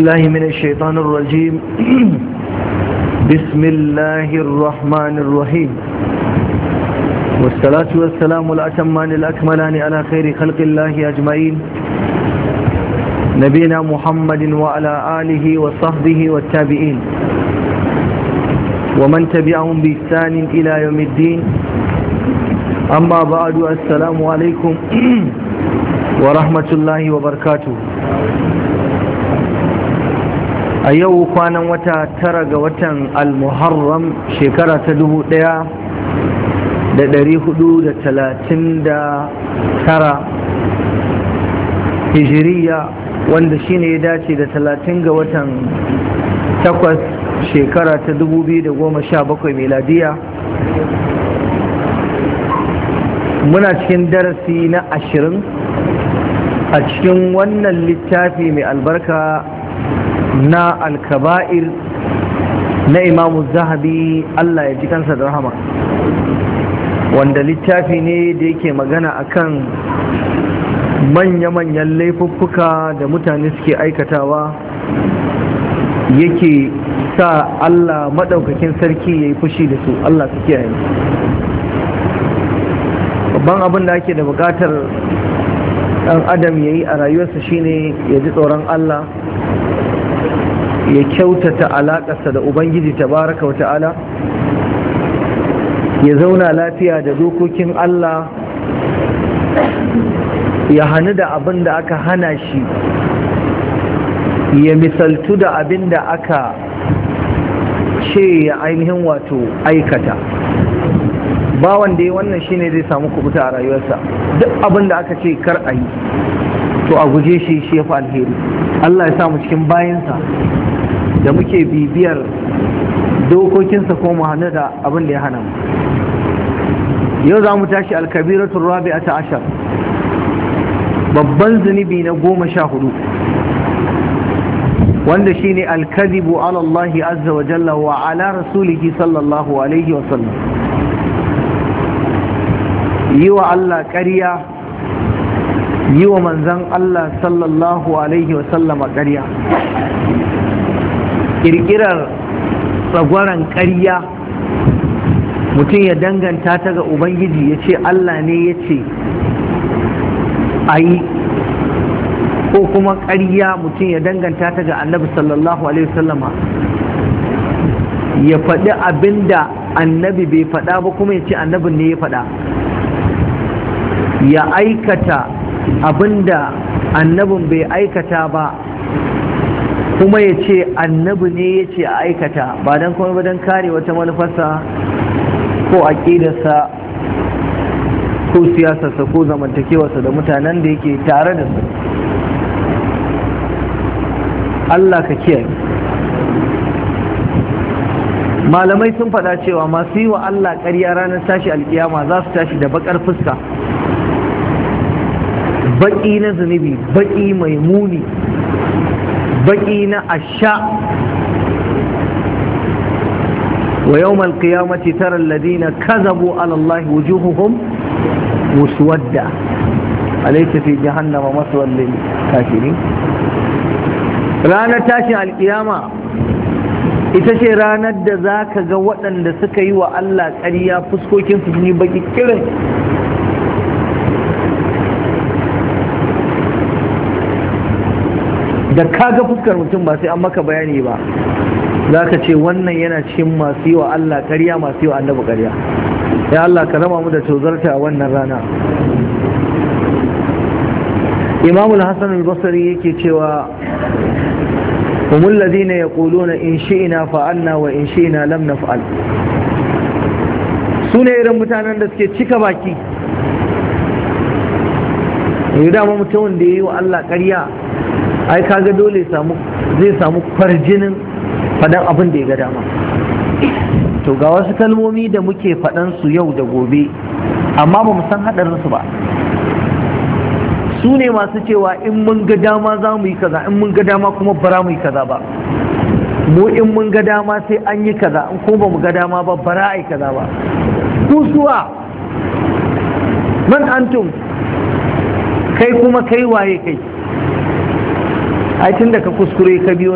الله من الشيطان الرجيم بسم الله الرحمن الرحيم والصلاة والسلام الأتمان الأكملان على خير خلق الله أجمعين نبينا محمد وعلى آله وصحبه والتابعين ومن تبعهم بإحسان إلى يوم الدين أما بعد السلام عليكم ورحمة الله وبركاته a yau kwanan wata tara ga watan al-muharram shekara ta dubu daya da dari hudu da talatin da tara hijiriya wanda shine ya dace da talatin ga watan takwas shekara ta dubu biyu da goma sha bakwai meladiya muna cikin darasi na ashirin a cikin wannan littafi mai albarka na alkaba'ir na imamu zahabi Allah ya ji kansa da rahama wanda littafi ne da yake magana akan manya-manyan laifuffuka da mutane suke aikatawa yake sa Allah maɗaukakin sarki ya yi fushi da su Allah su kiyaye babban abin da ake da buƙatar ɗan adam ya yi a rayuwarsa shine ya ji tsoron Allah ya kyautata alaƙarsa da ubangiji ta baraka tabaraka wata'ala ya zauna lafiya da dokokin Allah ya hannu da abin da aka hana shi ya misaltu da abin da aka ce ya ainihin wato aikata ba wanda ya wannan shi ne zai samu kubuta a rayuwarsa duk abin da aka ce kar a yi to a guje shi shi ya fi alheri Allah ya samu cikin bayansa da muke bibiyar dokokinsa ko muhannu da abin da ya hana mu yau za mu tashi alkabiratun rabi'a ta ashar babban zunubi na goma sha hudu wanda shine alkadibu ala Allah azza wa jalla wa ala rasulihi sallallahu alaihi wa sallam yi wa Allah ƙarya yi wa manzan Allah sallallahu alaihi wa sallama ƙarya kirkirar tsagwaron ƙarya mutum ya danganta ta ga ubangiji ya ce allah ne ya ce a yi ko kuma ƙarya mutum ya danganta ta ga annabi sallallahu alaihi wasallama ya faɗi abin da annabi bai faɗa ba kuma ya ce annabin ne ya faɗa ya aikata abinda da annabin bai aikata ba kuma ya ce annabi ne ya ce a aikata ba don kuma ba don kare wata manufarsa ko a ƙidarsa ko siyasarsa ko zamantakewarsa da mutanen da yake tare da su Allah ka kiyaye malamai sun faɗa cewa masu yi wa Allah ƙarya ranar tashi alkiyama za su tashi da baƙar fuska baƙi na zunubi baƙi mai muni baki na asha wa yawmal qiyamati tara alladhina kadhabu ala allahi wujuhuhum muswadda alaysa fi jahannama masu wallin kafirin ranar tashin alkiyama ita ce ranar da za ka ga waɗanda suka yi wa Allah ƙariya, fuskokinsu sun yi baki kirin da kaga fuskar mutum ba sai an maka bayani ba za ka ce wannan yana cikin masu yi wa Allah karya masu yi wa annabi karya. ya Allah ka rama mu da tozarta a wannan rana imamul hassan al-basri yake cewa fa'an na, wa in shi ina lam na لم Su sune irin mutanen da suke cika baki yi dama mutumin da ya yi wa Allah karya. ai kaga dole zai samu kwarjinin faɗan abin da ya ga dama to ga wasu kalmomi da muke faɗan su yau da gobe amma ba mu san su ba su ne masu cewa in mun ga dama za mu yi kaza in mun ga dama kuma bara mu yi kaza ba mu in mun ga dama sai an yi kaza in ko ba mu ga dama ba bara a kaza ba ku suwa man antum kai kuma kai waye kai ai tun da ka kuskure ka biyo